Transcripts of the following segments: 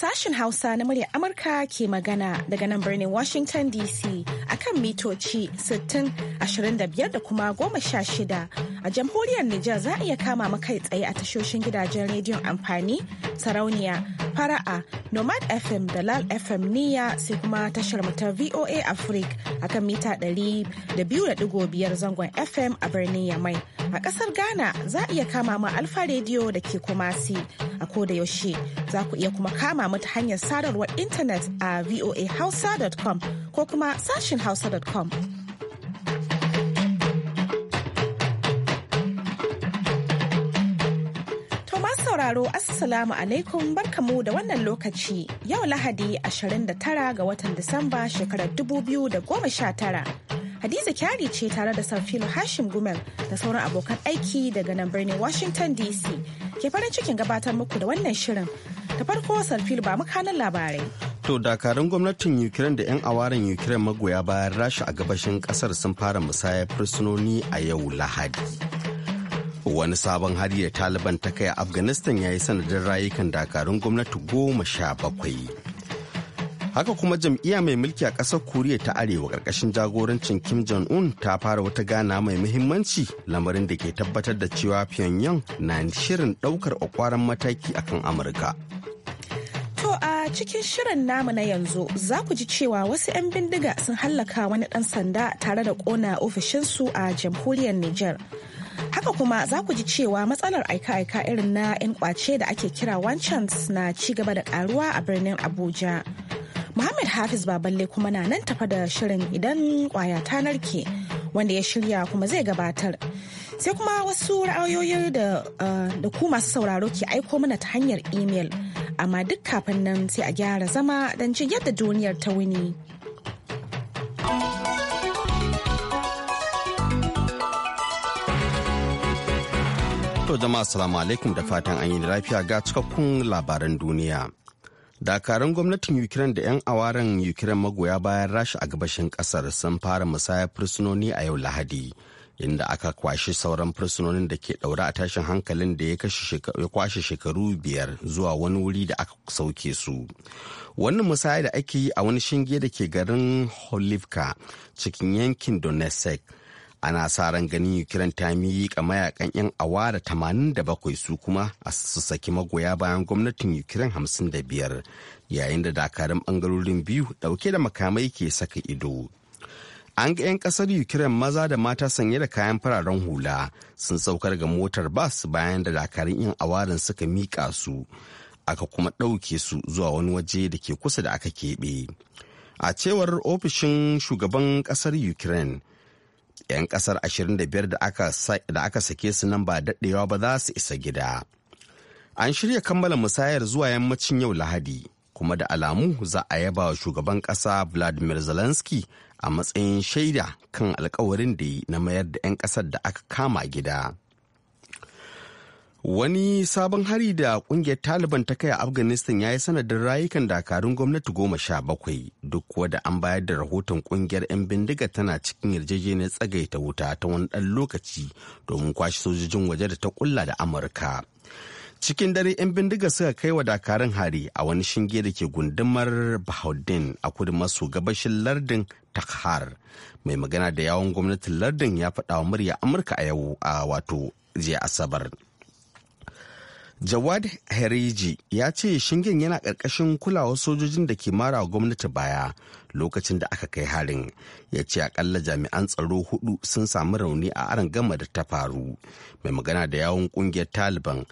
Sashen Hausa na murya Amurka ke magana daga nan birnin Washington DC akan mitoci 60, 25 da kuma 16. A jamhuriyar Nijar za a iya kama makai tsaye a tashoshin gidajen rediyon amfani, sarauniya, fara'a, Nomad FM da Lal FM niya sai kuma tashar ta VOA Africa akan mita 200.5 zangon FM a birnin Yamai. A ƙasar Ghana za a iya kama ma Alfa Radio da ke Kumasi a koda yaushe za ku iya kuma kama mu ta hanyar sadarwar intanet a voahausa.com ko kuma sashin hausa.com. sauraro assalamu alaikum barkamu da wannan lokaci yau lahadi 29 ga watan disamba shekarar 2019 hadiza kyari ce tare da sarfilo hashim gumel da sauran abokan aiki daga nan birnin washington dc ke farin cikin gabatar muku da wannan shirin ta farko Salfil ba makanan labarai. To dakarun gwamnatin Ukraine da 'yan awaren Ukraine magoya bayan rasha a gabashin kasar sun fara musayar fursunoni a yau Lahadi. Wani sabon hari da Taliban ta kai a Afghanistan ya yi sanadin rayukan dakarun gwamnati goma sha bakwai. haka kuma jam'iyya mai mulki a ƙasar koriya ta arewa ƙarƙashin jagorancin kim jong-un ta fara wata gana mai muhimmanci lamarin da ke tabbatar da cewa pyongyang na shirin ɗaukar ƙwaƙwaran mataki akan amurka To a cikin shirin namu na yanzu za ku ji cewa wasu 'yan bindiga sun hallaka wani ɗan sanda tare da ƙona ofishinsu a jamhuriyar Nijar. Haka kuma za ku ji cewa matsalar aika-aika irin na 'yan kwace da ake kira wancan na ci gaba da ƙaruwa a birnin Abuja. Muhammad Hafiz Baballe kuma na nan tafa da shirin idan kwaya ta narke wanda ya shirya kuma zai gabatar. Sai kuma wasu ra'ayoyi da eh, ku masu sauraro ke aiko mana ta hanyar imel. amma duk kafin nan sai a gyara zama don jin yadda duniyar ta wuni. To jama'a salamu alaikum da fatan an yi lafiya ga cikakkun labaran duniya. Dakarun gwamnatin Ukraine da 'yan awaren Ukraine magoya bayan rashi a gabashin kasar sun fara musayar fursunoni a yau Lahadi inda aka kwashi sauran fursunonin da ke ɗaure a tashin hankalin da ya kwashe shekaru biyar zuwa wani wuri da aka sauke su wannan musaya da ake yi a wani shinge da ke garin holivka cikin yankin donetsk ana sa ran ganin ukraine ta miƙa mayakan 'yan da bakwai su kuma a su saki magoya bayan gwamnatin ukraine hamsin da biyar yayin da dakarun bangarorin biyu dauke da makamai ke saka ido an ga 'yan kasar ukraine maza da mata sanye da kayan fararen hula sun saukar ga motar bas bayan da dakarun yin awarin suka miƙa su aka kuma ɗauke su zuwa wani waje da ke kusa da aka keɓe a cewar ofishin shugaban kasar ukraine 'yan kasar 25 da aka sake su nan ba daɗewa ba za su isa gida an shirya kammala musayar zuwa yammacin yau lahadi kuma da alamu za a yaba wa shugaban ƙasa vladimir zelensky a matsayin shaida kan alkawarin da yi na mayar da 'yan ƙasar da aka kama gida. Wani sabon hari da kungiyar Taliban ta kai a Afghanistan ya yi sanadin rayukan dakarun gwamnati goma sha bakwai duk kuwa da an bayar da rahoton kungiyar 'yan bindiga tana cikin yarjejeniyar tsagaita wuta ta wani ɗan lokaci domin kwashe sojojin waje da ta kulla da Amurka. cikin dare 'yan bindiga suka kai wa dakarun hari a wani shinge da ke gundumar bahauddin a kudu maso gabashin lardin takhar mai magana da yawon gwamnatin lardin ya faɗa wa murya amurka a yau a wato jiya asabar jawad heriji ya ce shingen yana ƙarƙashin kulawar sojojin da ke marawa gwamnati baya lokacin da aka kai harin ya ce akalla jami'an tsaro hudu sun samu rauni a aron gama da ta faru mai magana da yawon ƙungiyar taliban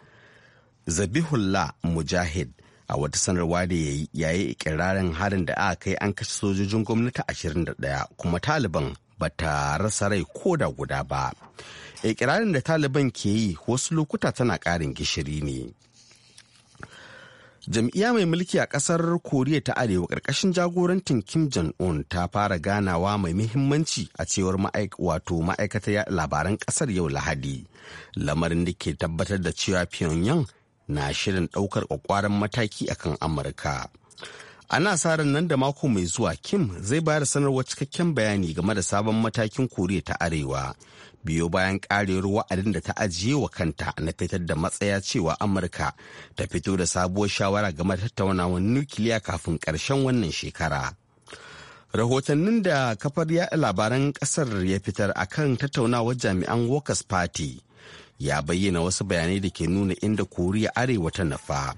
zabihullah mujahid a wata sanarwa da ya yi yayi ikirarin harin da aka kai an kashe sojojin gwamnati ashirin da ɗaya, kuma taliban ba ta rasa rai ko da guda ba ikirarin da taliban ke yi wasu lokuta tana ƙarin gishiri ne jam'iyya mai mulki a ƙasar koriya ta arewa ƙarƙashin jagorantin kim jong-un ta fara ganawa mai muhimmanci a cewar wato ma'aikatar labaran ƙasar yau lahadi lamarin da ke tabbatar da cewa pyongyang na shirin ɗaukar ƙwaƙwaran mataki akan amurka ana sa ran nan da mako mai zuwa kim zai bayar sanarwar cikakken bayani game da sabon matakin koriya ta arewa biyo bayan karewar wa'adin da ta ajiye wa kanta na fitar da matsaya cewa amurka ta fito da sabuwar shawara game da tattaunawar nukiliya kafin karshen wannan shekara rahotannin da kafar yaɗa labaran kasar ya fitar akan tattaunawar jami'an workers party ya bayyana wasu bayanai da ke nuna inda koriya arewa ta nafa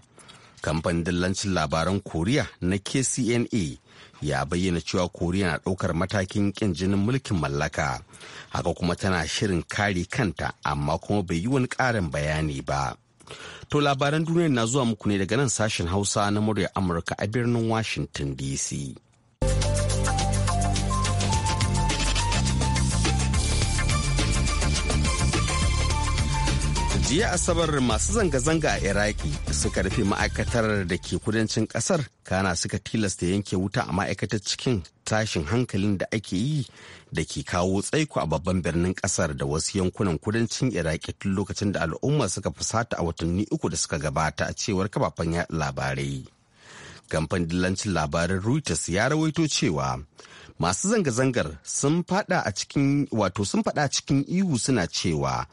kamfanin dillancin labaran koriya na kcna ya bayyana cewa koriya na ɗaukar matakin ƙin jinin mulkin mallaka haka kuma tana shirin kare kanta amma kuma bai yi wani ƙarin bayani ba to labaran duniya na zuwa muku ne daga nan sashen hausa na murya amurka a birnin washington dc jiya asabar masu zanga-zanga a iraki suka rufe ma'aikatar da ke kudancin kasar kana suka tilasta yanke wuta a ma'aikatar cikin tashin hankalin da ake yi da ke kawo tsaiko a babban birnin kasar da wasu yankunan kudancin iraki tun lokacin da al'umma suka fusata a watanni uku da suka gabata a cewar kafafen labarai kamfan dillancin labarin reuters ya rawaito cewa masu zanga-zangar sun fada a cikin wato sun fada cikin ihu suna cewa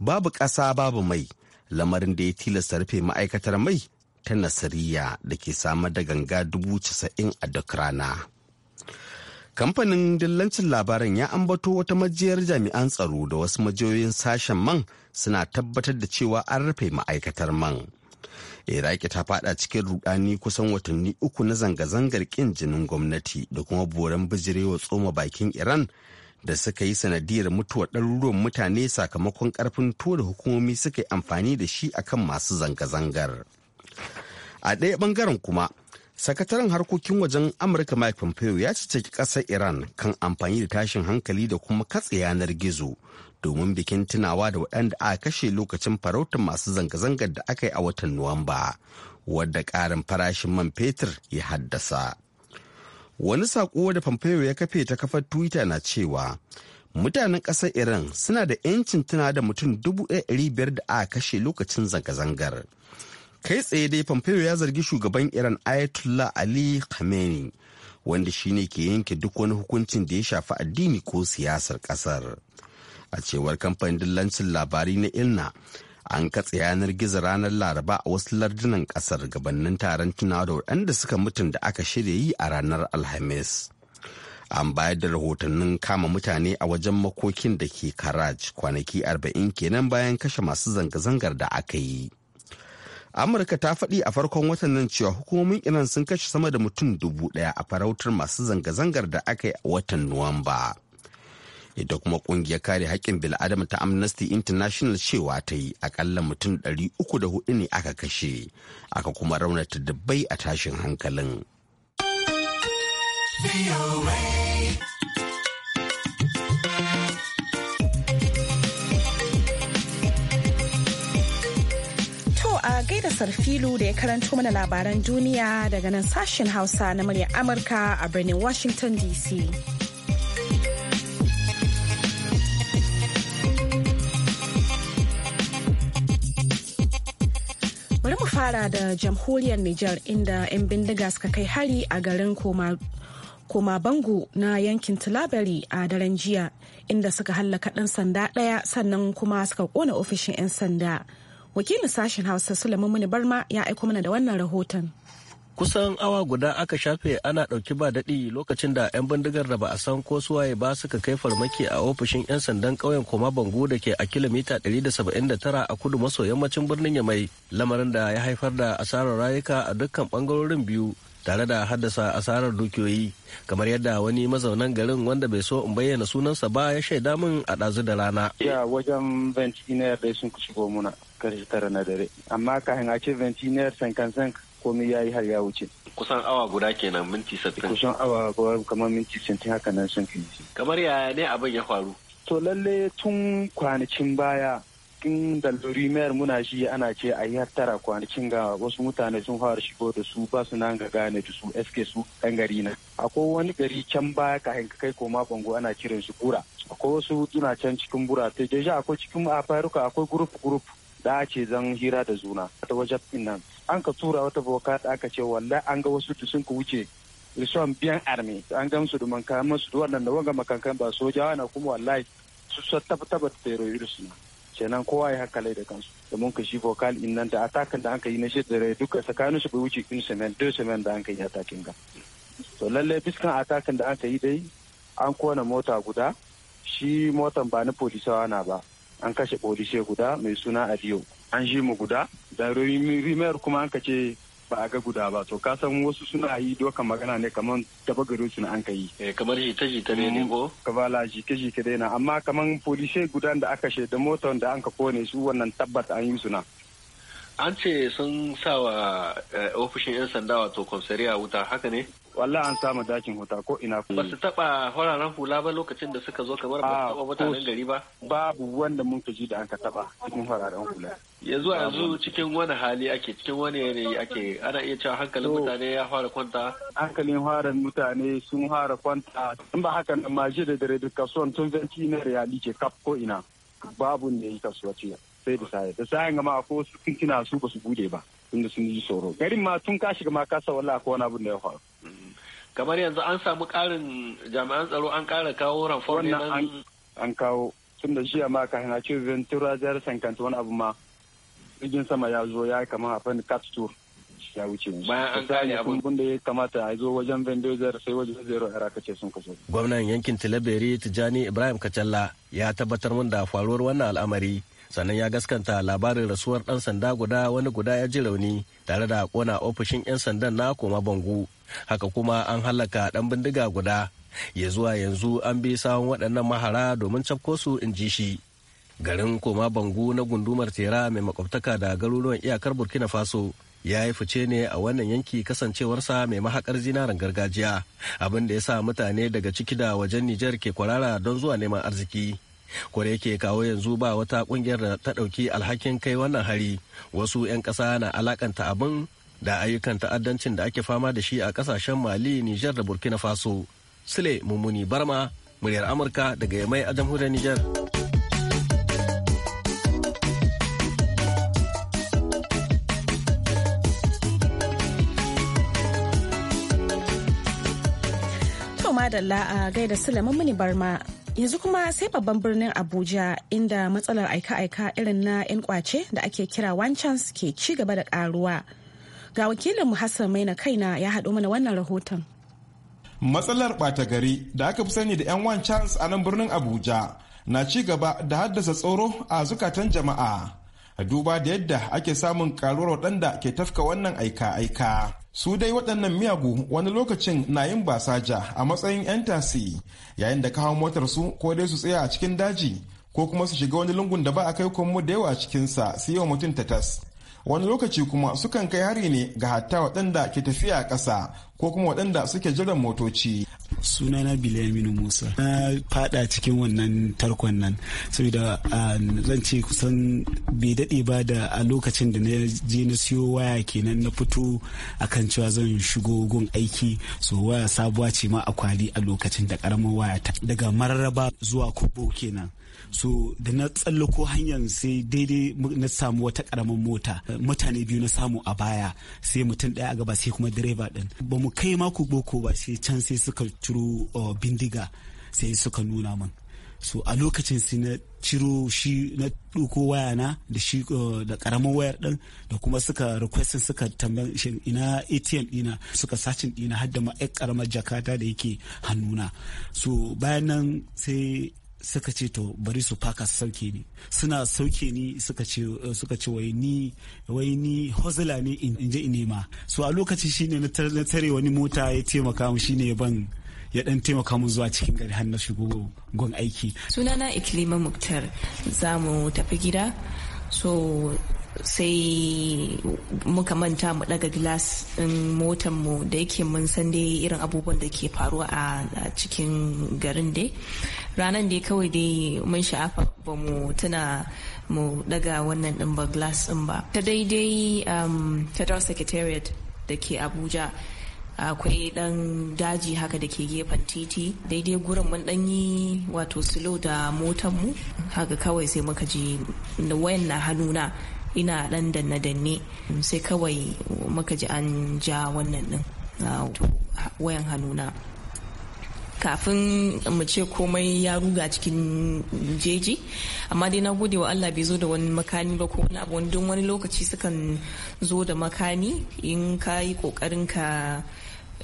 babu ƙasa babu mai lamarin da ya tilasta rufe ma'aikatar mai ta nasiriya da ke samar da ganga dubu casa'in a duk rana kamfanin dillancin labaran ya ambato wata majiyar jami'an tsaro da wasu majiyoyin sashen man suna tabbatar da cewa an rufe ma'aikatar man iraki ta fada cikin rudani kusan watanni uku na zanga-zangar kin jinin gwamnati da kuma boran bijirewa tsoma bakin iran da suka yi sanadiyar mutuwar ɗaruruwan mutane sakamakon ƙarfin tuwo hukumomi suka yi amfani da shi akan masu zanga-zangar. A ɗaya ɓangaren kuma, sakataren harkokin wajen Amurka Mike Pompeo ya ciceki ƙasar Iran kan amfani da tashin hankali da kuma katse yanar gizo domin bikin tunawa da waɗanda aka kashe lokacin farautar masu zanga-zangar da aka yi a watan Nuwamba, wadda ƙarin farashin man fetur ya haddasa. wani saƙo da pompeo ya kafe ta kafar twitter na cewa mutanen ƙasar iran suna da 'yancin tuna da mutum biyar da aka kashe lokacin zanga-zangar kai tsaye dai pompeo ya zargi shugaban iran ayatollah ali khamenei wanda shine ke yanke duk wani hukuncin da ya shafi addini ko siyasar ƙasar a cewar kamfanin dillancin labarai na ilna an katse yanar gizo ranar laraba a wasu lardunan kasar gabanin taron tunawa da waɗanda suka mutum da aka shirya yi a ranar alhamis an bayar da rahotannin kama mutane a wajen makokin da ke karaj kwanaki 40 kenan bayan kashe masu zanga-zangar da aka yi amurka ta faɗi a farkon watan nan cewa hukumomin iran sun kashe sama da mutum dubu ɗaya a farautar masu zanga-zangar da aka yi a watan nuwamba. ita kuma kungiyar kare haƙƙin bil'adama ta amnesty international cewa ta yi akalla mutum 304 ne aka kashe aka kuma raunata dubbai a tashin hankalin a gaida sarfilu da ya karanto mana labaran duniya daga nan sashen hausa na murya amurka a birnin washington dc fara da jamhuriyar Nijar inda 'yan bindiga suka kai hari a garin koma bango na yankin tilabari a daren jiya inda suka hallaka ɗan sanda ɗaya sannan kuma suka ƙona ofishin 'yan sanda wakilin sashen hausa sulaiman muni barma ya aiko mana da wannan rahoton kusan awa guda aka shafe ana ɗauki ba daɗi lokacin da 'yan bindigar da ba a san ko suwaye ba suka kai farmaki a ofishin 'yan sandan ƙauyen koma bango da ke a kilomita 179 a kudu maso yammacin birnin ya mai lamarin da ya haifar da asarar rayuka a dukkan bangarorin biyu tare da haddasa asarar dukiyoyi kamar yadda wani mazaunan garin wanda bai so in bayyana sunansa ba ya shaida min a ɗazu da rana. Ya wajen ventiniyar dai sun kusa muna karshe tara na dare amma kahin a ce sankan sankan komai ya yi har ya wuce. Kusan awa guda kenan minti sattin. Kusan awa guda kamar minti sattin haka nan sun fi. Kamar yaya ne abin ya faru? To lalle tun kwanakin baya in da mayar muna shi ana ce a yi tara kwanakin ga wasu mutane sun fara shigo da su ba su nan ga gane da su sk su ɗan gari na akwai wani gari can baya ka ka kai koma bango ana kiran su kura. akwai wasu suna can cikin bura ta deja akwai cikin a faruka akwai gurup gurup da ce zan hira da zuna ta wajen nan an ka tura wata boka da aka ce walla an ga wasu sun ka wuce rison biyan army an musu da makaman su wannan da wanga makankan ba sojawa na kuma wallahi su sa tabbata da terrorist na kenan kowa ya haka da kansu da mun ka shi vocal in nan da atakan da aka yi na shidda rai duka tsakanin su bai wuce in semen da semen da aka yi atakin ga to lalle biskan atakan da aka yi dai an kona mota guda shi motan ba na polisawa na ba an kashe polisai guda mai suna adiyo an shi mu guda da rimar kuma an ka ce ba a ga guda ba to ka san wasu suna yi dokan magana ne kamar daba gari su an ka yi eh, kamar jita jita ne ne ko kabala ke shi dai na amma kamar polisai guda da aka shaida motar da an ka kone su wannan tabbata an yi suna an ce sun sa wa eh, ofishin 'yan sanda wato kwamsariya wuta haka ne wallah an samu dakin huta ko ina ba su taɓa fararen hula ba lokacin da suka zo kamar ba su ah, taɓa mutanen gari ba babu wanda mun ji da an ka taɓa cikin fararen hula yanzu yanzu cikin wani hali ake cikin wani yanayi ake ana iya cewa hankalin mutane ya fara kwanta hankalin fara mutane sun fara kwanta in ba haka nan ma da dare duka son tun zanci na reali ke kaf ko ina babu ne yi kasuwa ciya. sai da sayar. da sayan gama ko su kinkina su ba su bude ba tunda sun ji tsoro garin ma tun ka shiga ma kasa wala ko wani abu da ya faru mm. kamar yanzu an samu ƙarin jami'an tsaro an ƙara kawo ranfon ne nan an kawo tun da jiya ma kafin a ce ventura jihar sankanta wani abu ma jirgin sama ya zo ya kama a fannin cat tour ya wuce bayan an kare abin bunda ya kamata a zo wajen vendozer sai wajen zero a rakace sun kaso gwamnan yankin tilaberi tijani ibrahim kacalla ya tabbatar mun da faruwar wannan al'amari sannan ya gaskanta labarin rasuwar dan sanda guda wani guda ya ji rauni tare da kona ofishin 'yan sandan na koma bangu haka kuma an hallaka ɗan bindiga guda ya zuwa yanzu an bi sawon waɗannan mahara domin cafko su in ji shi garin koma bangu na gundumar tera mai makwabtaka da garuruwan iyakar burkina faso ya yi fice ne a wannan yanki kasancewarsa mai mahakar zinaren gargajiya abin da ya sa mutane daga ciki da wajen nijar ke kwarara don zuwa neman arziki kware yake kawo yanzu ba wata kungiyar da ta ɗauki alhakin kai wannan hari wasu 'yan ƙasa na alakanta abin da ayyukan ta'addancin da ake fama da shi a kasashen mali nijar da burkina faso sule mummuni barma muryar amurka daga yamai a jamhuriyar nijar madalla a gaida sulaiman mummuni barma yanzu kuma sai babban birnin abuja inda matsalar aika-aika irin na 'yan kwace da ake kira wanchans ke ci gaba da karuwa Ga wakilinmu Hassan Maina kaina ya haɗo mana wannan rahoton. Matsalar ɓata gari da aka fi sani da 'yan wan chance a nan birnin Abuja na ci gaba da haddasa tsoro a zukatan jama'a. Duba da yadda ake samun karuwar waɗanda ke tafka wannan aika-aika. Su dai waɗannan miyagu wani lokacin na yin basaja a matsayin 'yan tasi yayin da kawo motar su ko dai su tsaya a cikin daji ko kuma su shiga wani lungun da ba a kai kwanmu da yawa a cikinsa su yi wa mutum ta tas. wani lokaci kuma sukan kai hari ne ga hatta waɗanda ke tafiya a ƙasa ko kuma waɗanda suke jiran motoci Suna na bilaminu musa na fada cikin wannan tarkon nan saboda ah, zan ce kusan bai daɗe ba da a lokacin da na je na siyo waya kenan na fito akan cewa zan shigo gun aiki so waya sabuwa ce ma a kwali a lokacin da karamar waya ta daga mararraba zuwa kubo kenan so da na tsallako hanyar sai daidai na samu wata karamin mota mutane biyu na samu a baya sai mutum daya a gaba sai kuma direba din ba mu kai mako boko ba sai can sai suka ciro uh, bindiga sai suka nuna min so a lokacin sai na ciro shi na ɗuko waya na da shi uh, da karamin wayar ɗin da kuma suka requestin suka tambayin shi ina atm ɗina suka sacin ɗina har da ma'aik karamar jakata da yake hannuna so bayan nan sai suka ce to bari su faka su sauke ni suna sauke ni suka ce uh, wai ni hozula ne in je in nema so a lokacin shine na tare wani mota ya taimaka mu shine ban ya dan taimaka mu zuwa cikin gari har na shigo gon aiki sunana ikilima muktar za mu tafi gida so sai muka manta mu daga glass din motar mu da yake mun san dai irin abubuwan da ke faruwa a cikin garin dai ranan dai kawai dai mun sha'afa ba mu tuna mu daga wannan din ba glass din ba ta daidai um, federal secretariat da ke abuja akwai dan daji haka da ke gefen titi daidai gurin mun dan yi wato silo da motar mu haka kawai sai muka ji wayan na hannuna ina dan danne danne sai kawai muka ji an ja wannan din ah, wayan hannuna kafin mu ce komai ya ruga cikin jeji amma dai na gode wa Allah bai zo da wani makani ba ko wani abu don wani lokaci sukan zo da makani in ka yi kokarin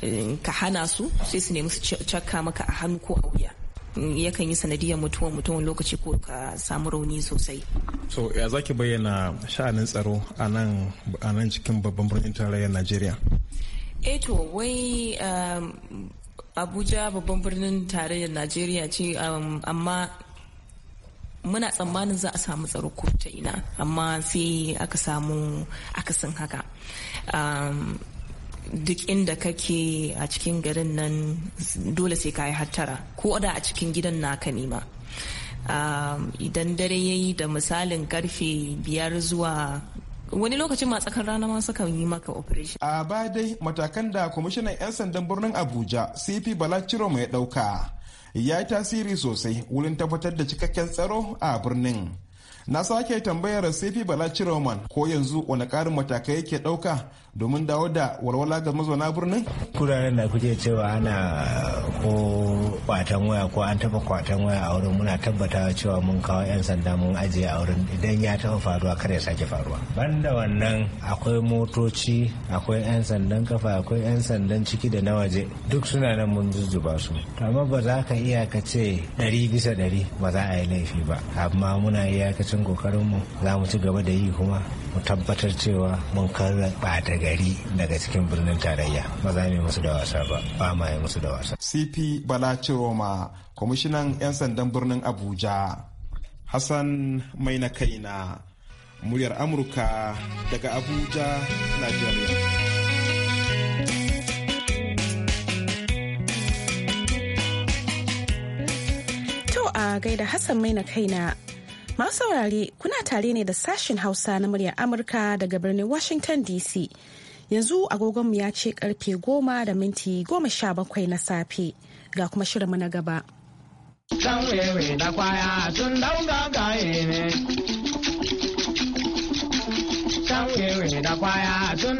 eh, ka hana su sai su nemi su cakka maka a hannu ko a wuya yakan yi sanadiyar mutuwar mutuwar lokaci ko ka samu rauni sosai so ya zaki bayyana sha'anin tsaro a nan cikin babban birnin tarayyar najeriya eto eh wai um, abuja babban birnin tarayyar najeriya ce um, amma muna tsammanin za a samu tsaro ko ta ina amma sai aka samu akasin haka um, duk inda kake a cikin garin nan dole sai kayi hattara ko da a cikin gidan naka ne ma um, idan dare yayi da misalin karfe biyar zuwa wani lokacin ma tsakar rana ma suka yi maka operation a bada dai matakan da kwamishinan 'yan sandan birnin abuja cp bala mai ya dauka ya yi tasiri sosai wurin tabbatar da cikakken tsaro a birnin na sake tambayar sefi bala ciroman ko yanzu wani karin matakai yake dauka domin dawo da walwala ga mazauna birnin kuraren da kuke cewa ana ko kwatan waya ko an taba kwatan waya a wurin muna tabbata cewa mun kawo yan sanda mun ajiye a wurin idan ya taba faruwa kar ya sake faruwa banda wannan akwai motoci akwai yan sandan kafa akwai yan sandan ciki da na waje duk suna nan mun zuzzuba su amma ba za ka iya ka ce 100 bisa 100 ba za a yi laifi ba amma muna iya ka cikin kokarinmu za mu ci gaba da yi kuma mu tabbatar cewa mun karra bata gari daga cikin birnin tarayya ba za mu yi musu da wasa ba ba ma yi musu da wasa. cp bala ciroma kwamishinan 'yan sandan birnin abuja hassan mai na kaina muryar amurka daga abuja nigeria. a gaida Hassan mai na kaina Masu saurare kuna tare ne da sashen Hausa na muryar Amurka daga birnin Washington DC. Yanzu agogonmu ya ce karfe goma da minti goma sha bakwai na safe ga kuma shirinmu na gaba. da kwaya tun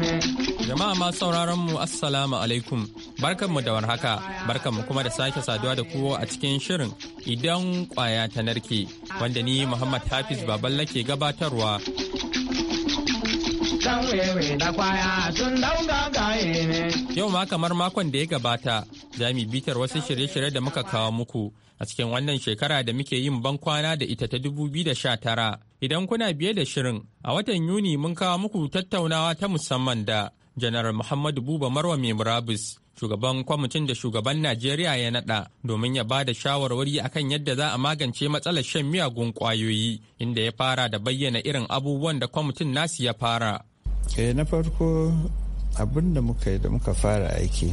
ne. Jama'a masu sauraron mu Assalamu alaikum. Barkanmu da warhaka. Barkanmu kuma da sake saduwa da kowa a cikin shirin idan kwaya ta narke wanda ni Muhammad Hafiz Baballa ke gabatarwa. Yau ma kamar makon da ya gabata, za mu bitar wasu shirye-shirye da muka kawo muku a cikin wannan shekara da muke yin ban kwana da ita ta dubu biyu da sha tara Idan kuna biye da shirin, a watan Yuni mun kawo muku tattaunawa ta musamman da janar muhammadu buba marwa mai murabus shugaban kwamitin da shugaban najeriya ya nada domin ya ba da shawarwari akan yadda za a magance matsalar shan miyagun kwayoyi inda ya fara da bayyana irin abubuwan da kwamitin nasu ya fara eh na farko abin da muka yi da muka fara aiki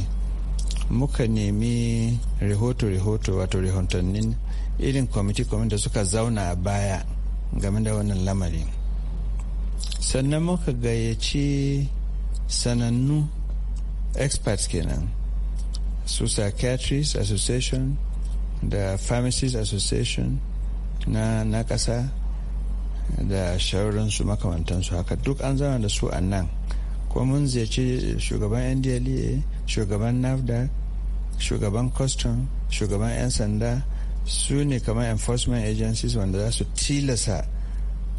muka nemi rahoto-rahoto wato rahotannin irin kwamiti-kwamiti da suka zauna a baya game da wannan lamarin sannan muka gayyaci sanannu experts kenan su psychiatrists association da pharmacists association na na kasa da shauransu makamantansu haka duk an zama da su a nan kuma mun ziyarci shugaban ndla e, shugaban nafda shugaban custom shugaban 'yan sanda su ne kamar enforcement agencies wanda za su tilasa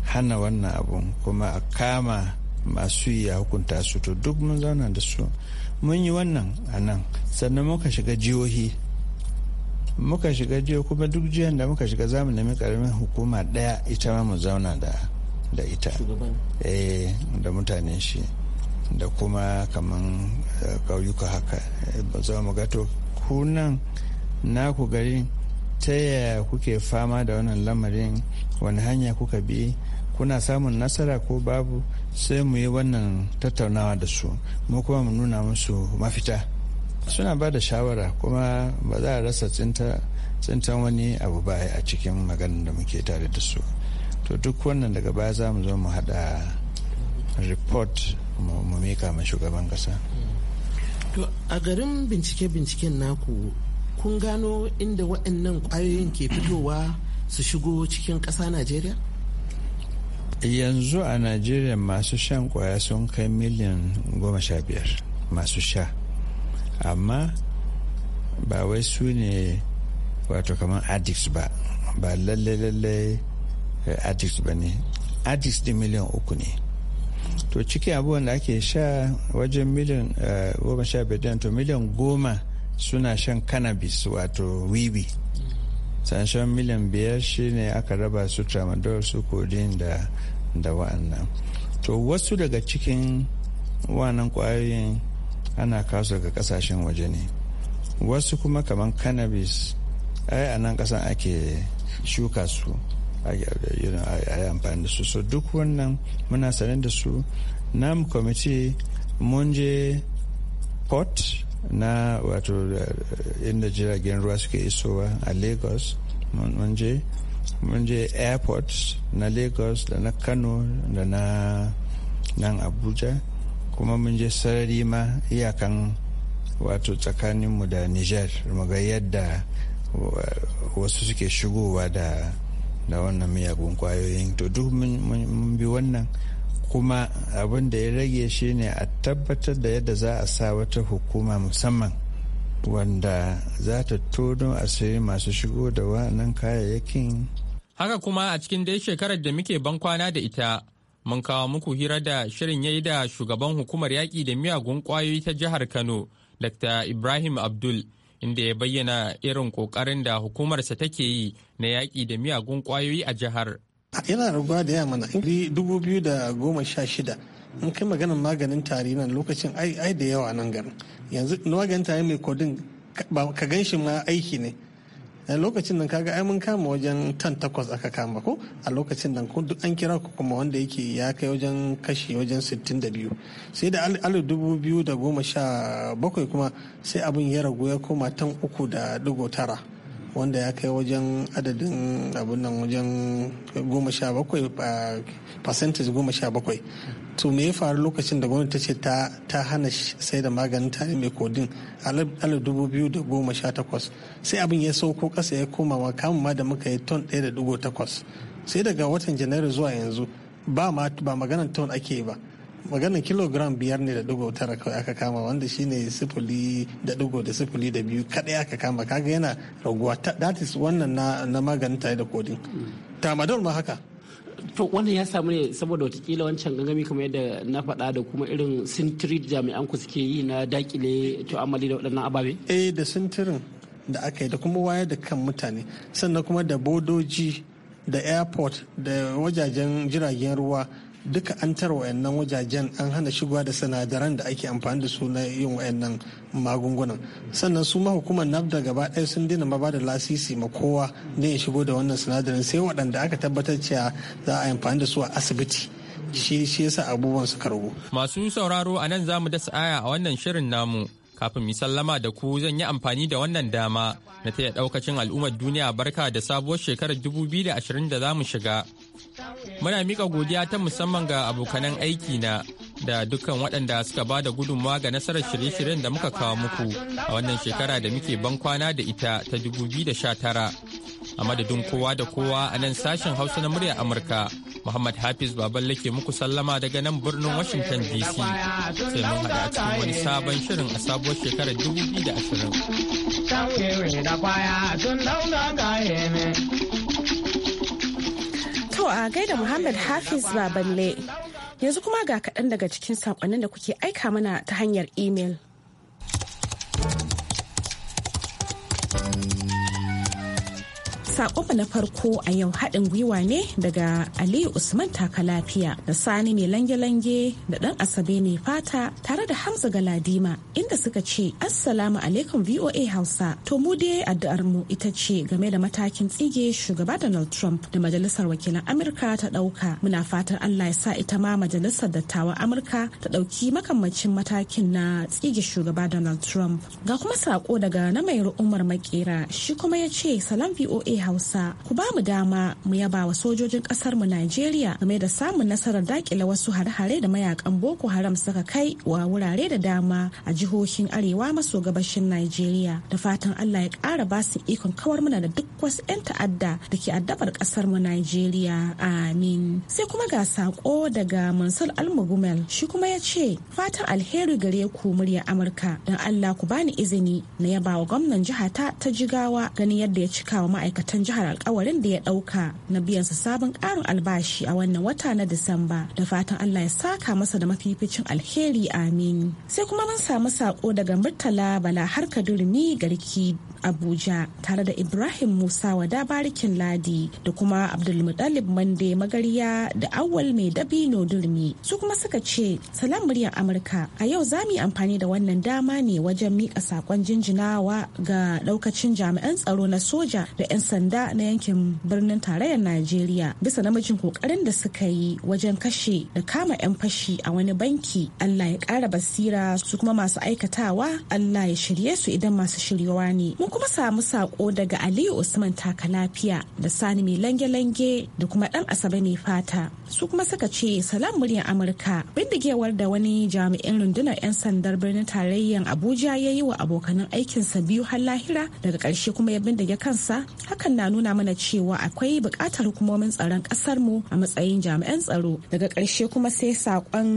hana wannan abun kuma a kama masu yi a hukunta su to duk mun zauna da su mun yi wannan a nan sannan muka shiga jihohi muka shiga jiho kuma duk jihar da muka shiga zamu nemi karamin hukuma daya ita ma mu zauna da da ita eh da mutanen shi da kuma kaman kauyuka eh, haka eh, ba za mu gato kunan naku gari ta yaya kuke fama da wannan lamarin wani hanya kuka bi kuna samun nasara ko babu sai mu yi wannan tattaunawa da su mu kuma mu nuna musu mafita suna ba da shawara kuma ba za a rasa tsintan wani abu ba a cikin magana da muke tare da su to duk wannan daga baya za mu zo mu hada report mu mika ma shugaban kasa to a garin bincike-binciken naku kun gano inda waɗannan ƙwayoyin ke fitowa su shigo cikin ƙasa najeriya yanzu a najeriya masu shan kwaya sun kai miliyan goma sha biyar masu sha amma ba wai su ne wato kamar addicts ba ba lalle lalle eh, addicts ba ne addicts din miliyan uku ne to cikin abubuwan da ake sha wajen miliyan eh, goma sha biyar to miliyan goma suna shan cannabis wato wiwi sashen miliyan biyar shine aka raba su tramadol su codeine da da wa'annan to wasu daga cikin wa'annan kwayoyin ana kasu daga kasashen waje ne wasu kuma kamar cannabis ai a nan kasan ake shuka su a yi amfani da su so duk wannan muna sanar da su nam kwamiti mun je port na wato eh, inda jiragen ruwa suke isowa a lagos mun je airports na lagos da na kano da na nan abuja kuma mun je sarari ma iyakan wato tsakaninmu da niger muga yadda wasu suke shigowa da da wannan miyagun kwayoyin to duk mun bi wannan kuma abin da ya rage shi ne a tabbatar da yadda za a sa wata hukuma musamman wanda za ta tono asiri masu shigo da wannan kayayyakin haka kuma a cikin dai shekarar da muke ban kwana da ita mun kawo muku hira da shirin yayi da shugaban hukumar yaƙi da miyagun ƙwayoyi ta jihar kano dr ibrahim abdul inda ya bayyana irin ƙoƙarin da hukumarsa take yi na yaƙi da miyagun ƙwayoyi a jihar yana raguwa da yamma na dubu biyu da goma sha shida in kai maganin maganin tari nan lokacin ai da yawa nan garin yanzu maganin tari mai kodin ka gan shi ma aiki ne lokacin nan kaga ai mun kama wajen tan takwas aka kama ko a lokacin nan duk an kira ku kuma wanda yake ya kai wajen kashi wajen 62 sai da alu dubu biyu da goma sha bakwai kuma sai abin ya ragu ya koma tan uku da digo tara wanda ya kai wajen adadin abin nan wajen goma sha bakwai percentage goma sha bakwai to me ya faru lokacin da gwamnati ta ce ta hana sai da maganin tare mai kodin alif dubu biyu da goma sha takwas sai abin ya sauko kasa ya koma wa kamun ma da muka yi ton ɗaya da dugo takwas sai daga watan janairu zuwa yanzu ba ma ba maganan ton ake ba magana kilogram biyar ne da dugo tara kawai aka kama wanda shine sifili da dugo da sifili da biyu kadai aka kama kaga yana raguwa that is wannan na, na maganin tare da kodin tamadol ma haka to wannan ya samu ne saboda watakila wancan gangami kamar yadda na faɗa da kuma irin sintirin jami'an ku suke yi na dakile to amali da waɗannan ababe eh da sintirin da aka yi da kuma wayar da kan mutane sannan kuma da bodoji da airport da wajajen jiragen ruwa duka an tara wayannan wajajen an hana shigowa da sinadaran da ake amfani da su na yin wayannan magungunan sannan su ma hukumar nafda gaba ɗaya sun dina ma bada lasisi ma kowa ne ya shigo da wannan sinadarin sai waɗanda aka tabbatar cewa za a yi amfani da su a asibiti shi shi yasa abubuwan su karbo masu sauraro a nan zamu dasa aya a wannan shirin namu kafin mi sallama da ku zan yi amfani da wannan dama na taya daukacin al'ummar duniya barka da sabuwar shekarar 2020 da za mu shiga Muna mika godiya ta musamman ga abokanan aiki na da dukkan waɗanda suka ba da gudunmawa ga nasarar shirye-shiryen da muka kawo muku a wannan shekara da muke ban kwana da ita ta da 2019. A madadin kowa da kowa a nan sashen Hausa na muryar Amurka, Muhammad Hafiz Baballe ke muku sallama daga nan birnin Washington DC. Sai mun haɗa cikin wani sabon shirin a sabuwar shekarar ashirin. a gaida Muhammad Hafiz Baballe. Yanzu kuma ga kaɗan daga cikin saƙonnin da kuke aika mana ta hanyar imel. Sakonmu na farko a yau haɗin gwiwa ne daga Ali Usman taka lafiya da Sani mai lange-lange da ɗan Asabe ne fata tare da Hamza Galadima inda suka ce Assalamu alaikum VOA Hausa. To mu dai addu'ar mu ita ce game da matakin tsige shugaba Donald Trump da Majalisar Wakilan Amurka ta ɗauka. Muna fatan Allah ya sa ita ma Majalisar Dattawan Amurka ta ɗauki makamacin matakin na tsige shugaba Donald Trump. Ga kuma sako daga na mai Umar Makera shi kuma ya ce Salam VOA Hausa. Hausa. Ku ba mu dama mu yaba wa sojojin kasar mu Najeriya game da samun nasarar dakile wasu hare-hare da mayakan Boko Haram suka kai wa wurare da dama a jihohin Arewa maso gabashin Najeriya. Da fatan Allah ya ƙara ba ikon kawar mana da duk wasu 'yan ta'adda da ke addabar kasar mu Najeriya. Amin. Sai kuma ga sako daga Mansur Almugumel shi kuma ya ce fatan alheri gare ku murya Amurka don Allah ku bani izini na yaba wa gwamnan jihata ta jigawa ganin yadda ya cika wa ma'aikatan jihar alkawarin da ya dauka na biyan sa sabon karin albashi a wannan wata na disamba da fatan allah ya saka masa da mafificin alheri amin sai kuma mun samu sako daga murtala bala har ka durmi garki Abuja tare da Ibrahim Musa wa dabarikin Ladi da kuma Abdulmutalib Mande Magariya da Awal Mai Dabino Durmi. Su kuma suka ce, Salam muryar Amurka, a yau za mu yi amfani da wannan dama ne wajen miƙa saƙon jinjinawa ga ɗaukacin jami'an tsaro na soja da 'yan sanda na yankin birnin tarayyar Najeriya bisa namijin ƙoƙarin da suka yi wajen kashe da kama 'yan fashi a wani banki. Allah ya ƙara basira su kuma masu aikatawa Allah ya shirye su idan masu shiryawa ne. kuma samu sako daga aliyu usman taka lafiya da sani mai lange-lange da kuma ɗan asabe mai fata su kuma suka ce salam muryar amurka bindigewar da wani jami'in rundunar 'yan sandar birnin tarayyar abuja ya yi wa abokanan aikinsa biyu har lahira daga ƙarshe kuma ya bindige kansa hakan na nuna mana cewa akwai bukatar hukumomin tsaron kasar mu a matsayin jami'an tsaro daga karshe kuma sai saƙon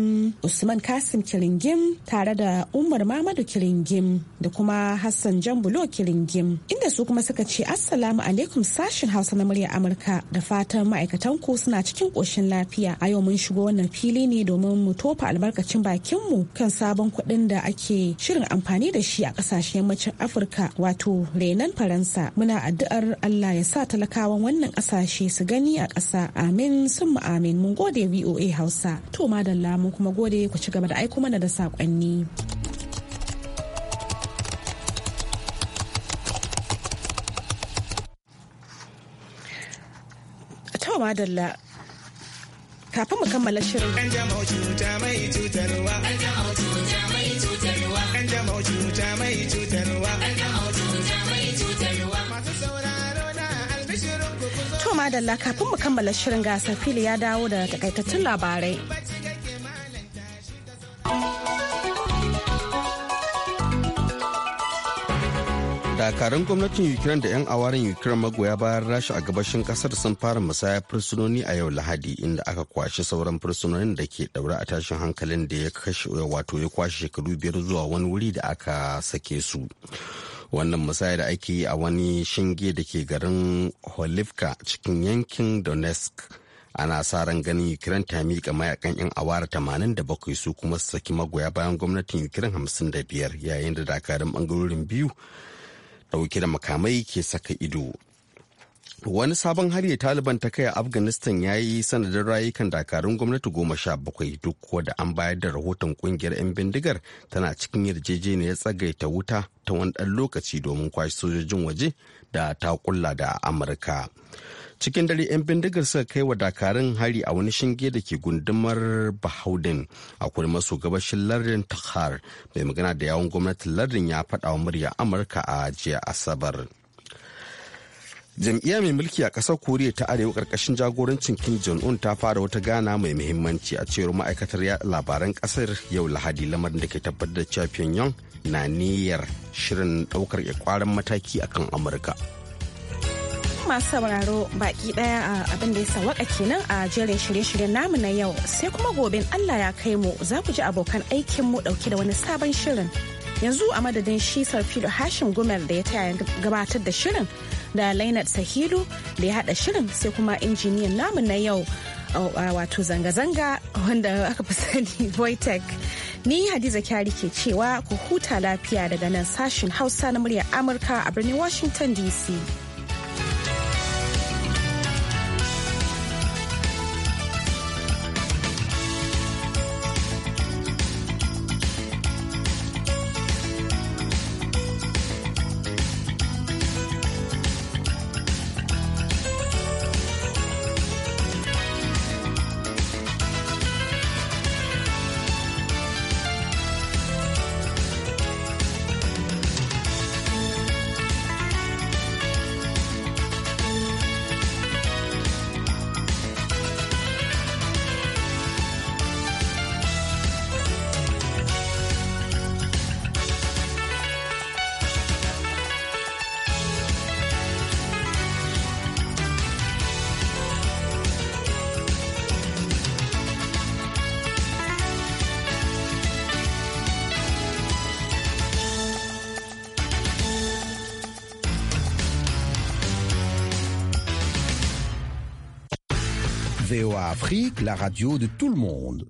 usman kasim kiringim tare da umar mamadu kiringim da kuma hassan jan bulo kiringim gim inda su kuma suka ce Assalamu alaikum sashen Hausa na muryar Amurka da fatan ma'aikatan ku suna cikin ƙoshin lafiya. A yau mun shigo wannan fili ne domin mu tofa albarkacin bakin mu kan sabon kuɗin da ake shirin amfani da shi a ƙasashen yammacin Afirka wato renan Faransa. Muna addu'ar Allah ya sa talakawan wannan ƙasashe su gani a ƙasa. Amin sun mu amin mun gode VOA Hausa. To madalla mun kuma gode ku ci gaba da aiko mana da saƙonni. To dalla kafin mu kammala shirin. An jama'u cuta mai mai cutarwa. An jama'u cuta mai mai cutarwa. madalla kafin mu kammala shirin gasar fili ya dawo da takaitattun labarai. dakarun gwamnatin ukraine da 'yan awarin ukraine magoya bayan rasha a gabashin kasar sun fara musaya fursunoni a yau lahadi inda aka kwashi sauran fursunonin da ke daura a tashin hankalin da ya kashe wato ya kwashe shekaru biyar zuwa wani wuri da aka sake su wannan musaya da ake yi a wani shinge da ke garin holivka cikin yankin donetsk ana sa ran ganin ukraine ta miƙa mayakan 'yan awara tamanin da bakwai su kuma su saki magoya bayan gwamnatin ukraine hamsin da biyar yayin da dakarun bangarorin biyu dauke da makamai ke saka ido wani sabon hari taliban ta kai a afghanistan ya yi sanadin rayukan dakarun gwamnati goma sha bakwai duk kuwa da an bayar da rahoton kungiyar 'yan bindigar tana cikin yarjejeniyar tsagaita wuta ta wani ɗan lokaci domin kwashe sojojin waje da ta kulla da amurka cikin dare 'yan bindigar suka kai wa dakarun hari a wani shinge da ke gundumar bahaudin a kudu maso gabashin lardin takhar mai magana da yawon gwamnatin lardin ya faɗa wa murya amurka a jiya asabar jam'iyya mai mulki a ƙasar koriya ta arewa ƙarƙashin jagorancin kim jong-un ta fara wata gana mai muhimmanci a cewar ma'aikatar yada labaran ƙasar yau lahadi lamarin da ke tabbatar da cewa pyongyang na niyyar shirin ɗaukar ƙwarin mataki akan amurka masu sauraro baki daya a ah, abin da ya sawaka kenan a jerin shirye-shiryen namu na yau sai kuma gobe Allah ya kai mu za ku ji abokan aikin mu dauke da wani sabon shirin yanzu a madadin shi sarfilo hashim gumel da ya taya gabatar da shirin da lainat sahilu da ya hada shirin sai kuma injiniyan namu na yau oh, ah, wato zanga-zanga wanda aka fi sani voitech ni hadiza kyari ke cewa ku huta lafiya daga nan sashin hausa na muryar amurka a birnin washington dc Afrique, la radio de tout le monde.